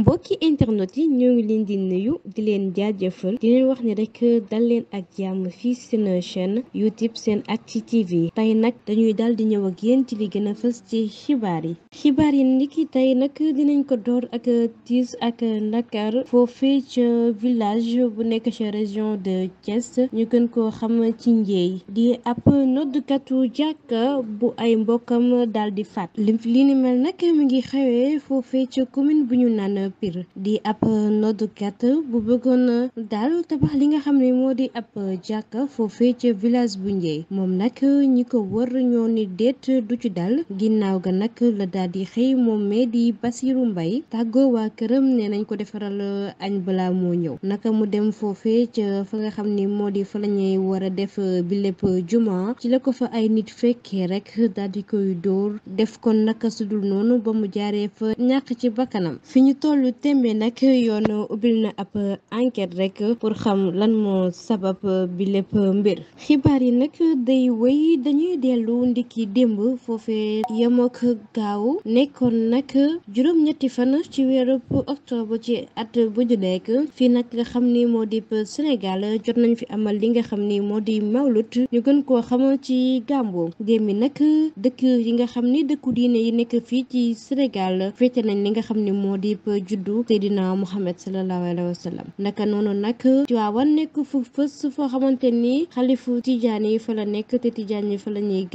mbokki internet yi ñoo ngi leen di nuyu di leen jaajëfal di leen wax ni rek dal leen ak jàmm fii seen chaîne youtube seen acti tv tey nag dañuy daal di ñëw ak yéen ci li gën fës ci xibaar yi xibaar yi niki tey nag dinañ ko door ak tiis ak ndakar foofee ca village bu nekk ca région de Thiès ñu gën koo xam ci njeey di ab noddkatu jàkka bu ay mbokkam daal di faat li ni mel nag mi ngi xewee foofee ca commune bu naan Pire di ab noddukat bu bëggoon daal tabax li nga xam ne moo di ab jàkka foofee ca village bu Ndieye moom nag ñi ko wër ñoo ni déet du ci dal ginnaaw ga nag la daal di xëy moom mee di Basiru Mbay tàggoo waa këram ne nañ ko defaral añ balaa moo ñëw naka mu dem foofee ca fa nga xam ni moo di fa la ñuy war a def bi lépp juma ci la ko fa ay nit fekkee rek daal koy dóor def kon naka sudul noonu ba mu jaaree fa ñàkk ci bakkanam fi ñu toll wàllu tembe nag yoon ubbil na ab enquête rek pour xam lan moo sabab bi lépp mbir xibaar yi nag day wéy dañuy dellu ndiki démb foofee yemook gaaw nekkoon nag juróom-ñetti fan ci weeru octobre ci at bu ñu nekk fii nag nga xam ni moo di Sénégal jot nañ fi amal li nga xam ni moo di mawlut ñu gën koo xam ci gàmbo démb nag dëkk yi nga xam ni dëkku diine yi nekk fii ci Sénégal féete nañ li nga xam ni moo di juddu Seydina Muhammad sallallahu alayhi wa sallam naka noonu nag Tiwaawan nekk fu fës foo xamante ni xalifu tijaan yi fa la nekk te tijaan yi fa la ñuy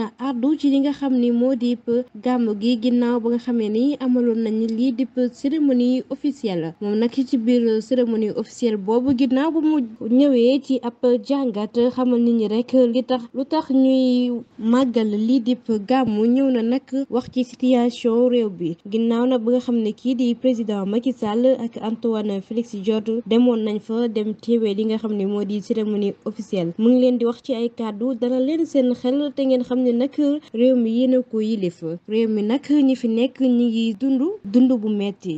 na ardu li nga ni moo dip gàmm gi ginnaaw ba nga xamee ni amaloon nañu lii dip cérémonie officielle moom nag ci biir cérémonie officielle boobu ginnaaw ba mu ñëwee ci ab jàngat xamal nit ñi rek li tax lu tax ñuy màggal lii dip gàmm ñëw na nag wax ci situation coow réew bi ginnaaw na ba nga xam ne kii di président Macky Sall ak Antoine Félix Diome demoon nañ fa dem teewee li nga xam ne moo di cérémonie officielle mu ngi leen di wax ci ay kàddu dana leen seen xel te ngeen xam ne nag réew mi yéen a ko yilif réew mi nag ñi fi nekk ñi ngi dund dund bu metti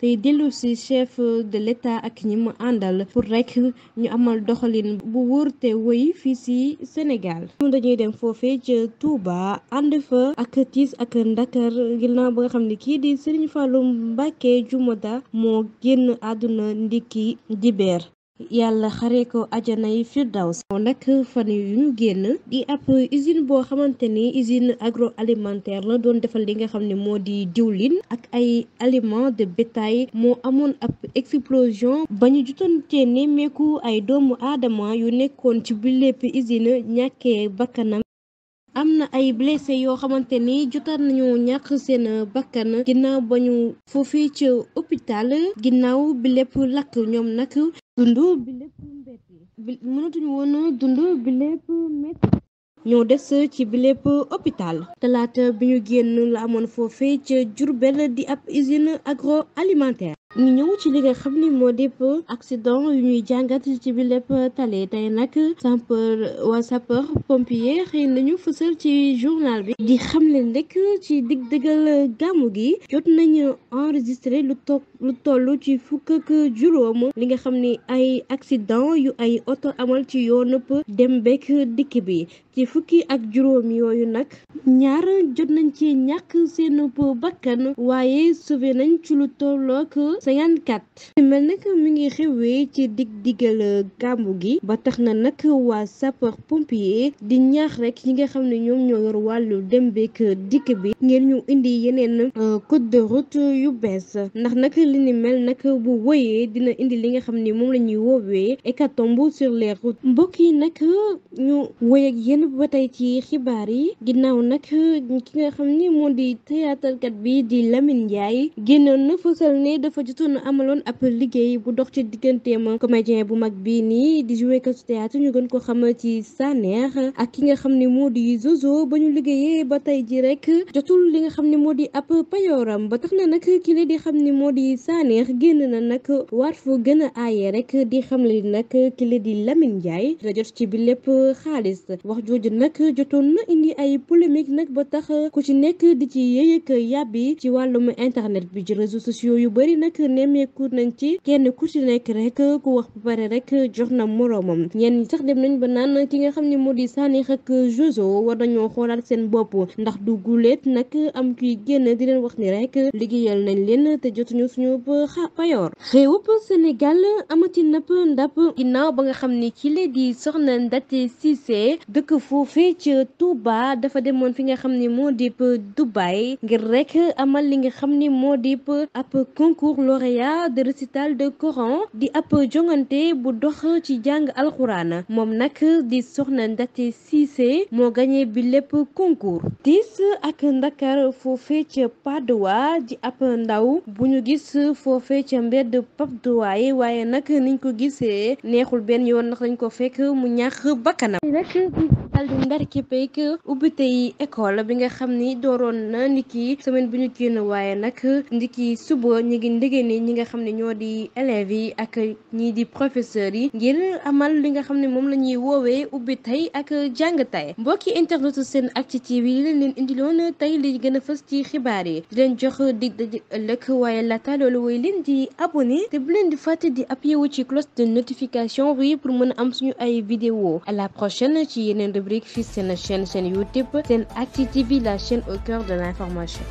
tey dellu si chef de l'État ak ñi àndal pour rek ñu amal doxalin bu wóor woy wéy fii si Sénégal ñun dañuy dem foofee ca Touba ànd fa ak tiis ak ndakar ginnaaw ba nga xam ne kii di Serigne Fallou Mbacké Jumoda moo génn àdduna ndikki dibeer yàlla xaree ko ajana yi firdaws moom nag fan yu ñu génn di ab usine boo xamante ni agro alimentaire la doon defal li nga xam ne moo di diwlin ak ay aliment de bétail moo amoon ab explosion ba ñu jutantee nemmeeku ay doomu aadama yu nekkoon ci bi lépp usine ñàkkee bakkanam am na ay blessé yoo xamante ni jotaat nañu ñàkk seen bakkan ginnaaw ba ñu foofee ca hôpital ginnaaw bi lépp lakk ñoom nag dund bi lépp mbetti mënatuñu woon dund bi lépp metti ñoo des ci bi lépp hôpital talaata bi ñu génn la amoon foofee ca Jurbel di ab usine alimentaire ñu ci li nga xam ni moo dépp accident yu ñuy jàngat ci bi tali tale tey nag sapeur waa sapeur pompier xëy nañu fësal ci journal bi di xam leen rek ci dig dëggal gàmmu gi jot nañu enregistré lu toll ci fukk ak juróom li nga xam ni ay accident yu ay oto amal ci yoon yoonëpp dem bekk dikk bi ci fukki ak juróom yooyu nag ñaar jot nañ ci ñàkk seen bakkan waaye sauvé nañ ci lu tollook 54. mel nag mu ngi xewee ci dig digal euh, gàmmu gi ba tax na nag waa sapeur pompier di ñaax rek yi nga xam ne ñoom ñoo yor wàllu dem beek dikk bi ngeen ñu indi yeneen euh, code de route yu bees ndax nag li ni mel nag bu wëyee dina indi li nga xam ni moom la ñuy woowee hécatombe sur les routes mbokk yi nag ñu wëy ak ba tey ci xibaar yi ginnaaw nag ki nga xam ni moo di théâtre bi di Lamine Ndiaye génnoon na ne dafa jotoon amaloon ab liggéey bu dox ci digganteem comédien bu mag bii nii di joué katu théâtre ñu gën ko xam ci Sanex ak ki nga xam ne moo di Zozo ba ñu liggéeyee ba tey ji rek jotul li nga xam ne moo di ab payooram ba tax na nag ki di xam ni moo di Sanex génn na nag war foo gën a aaye rek di xam le nag kile di Lamine Ndiaye da jot ci bi lépp xaalis wax jooju nag jotoon na indi ay polémique nag ba tax ku ci nekk di ci yëyëk yàbbi ci wàllum internet bi ci réseaux sociaux yu bari nag nemmeeku nañ ci kenn ku ci nekk rek ku wax ba pare rek jox na moroomam ñenn sax dem nañ ba naan ki nga xam ni moo di Sanekh ak Jojo war nañoo xoolaat seen bopp ndax du guleet nag am kuy génn di leen wax ni rek liggéeyal nañ leen te jotuñu suñu payoor réewub Sénégal amati napp ndap ginnaaw ba nga xam ne ki la di soxna Ndaté Cissé dëkk foofee ci Touba dafa demoon fi nga xam ne moo di Dubaï ngir rek amal li nga xam ne moo di ab concours lauréat de récital de Coran di app jongante bu dox ci jàng alxuraana moom nag di soxna Ndate Cissé moo gagné bi lépp concours tiis ak ndakar foofee ca Padoa di ab ndaw bu ñu gis foofee ca mbedd Padoa yi waaye nag niñ ko gisee neexul benn yoon ndax dañ ko fekk mu ñàkk bakkanam daal di ndarke pek ubbite yi école bi nga xam ni dooroon na niki semaine bu ñu génn waaye nag ndiki suba ñu ngi ndégéeni ñi nga xam ne ñoo di élèves yi ak ñii di professeurs yi ngir amal li nga xam ne moom la ñuy woowee ubbi tey ak jàng tey mbokki internet seen acti TV yi leen leen indiloon tey li gën a fës ci xibaar yi di leen jox dig daje waaye laata loolu way leen di abonné te bu leen di fàtte di appuyé ci cloche de notification bi pour mën am suñu ay vidéo la rubrique fii seen chaîne chaîne YouTube SENactu TV la chaîne au cœur de l'information